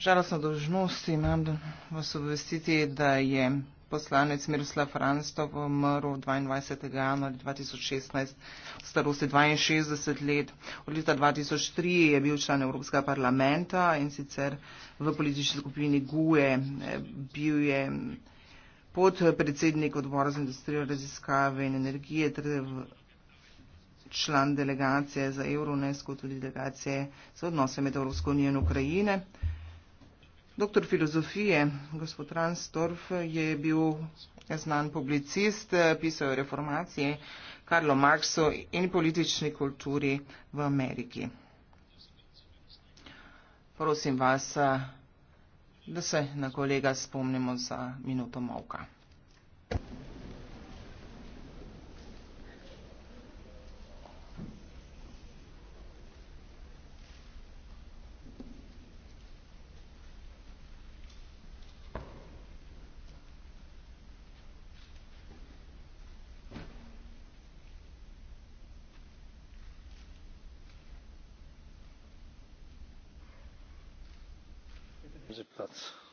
Žalostno dožnost imam vas obvestiti, da je poslanec Miroslav Ranstov umrl 22. januar 2016 v starosti 62 let. Od leta 2003 je bil član Evropskega parlamenta in sicer v politični skupini GUE. Bil je podpredsednik odbora za industrijo, raziskave in energije ter član delegacije za Euronesko, tudi delegacije za odnose med Evropsko unijo in Ukrajino. Doktor filozofije, gospod Ransdorf, je bil znan publicist, pisal reformacije Karlo Marxu in politični kulturi v Ameriki. Prosim vas, da se na kolega spomnimo za minuto molka. pani przewodnicząca!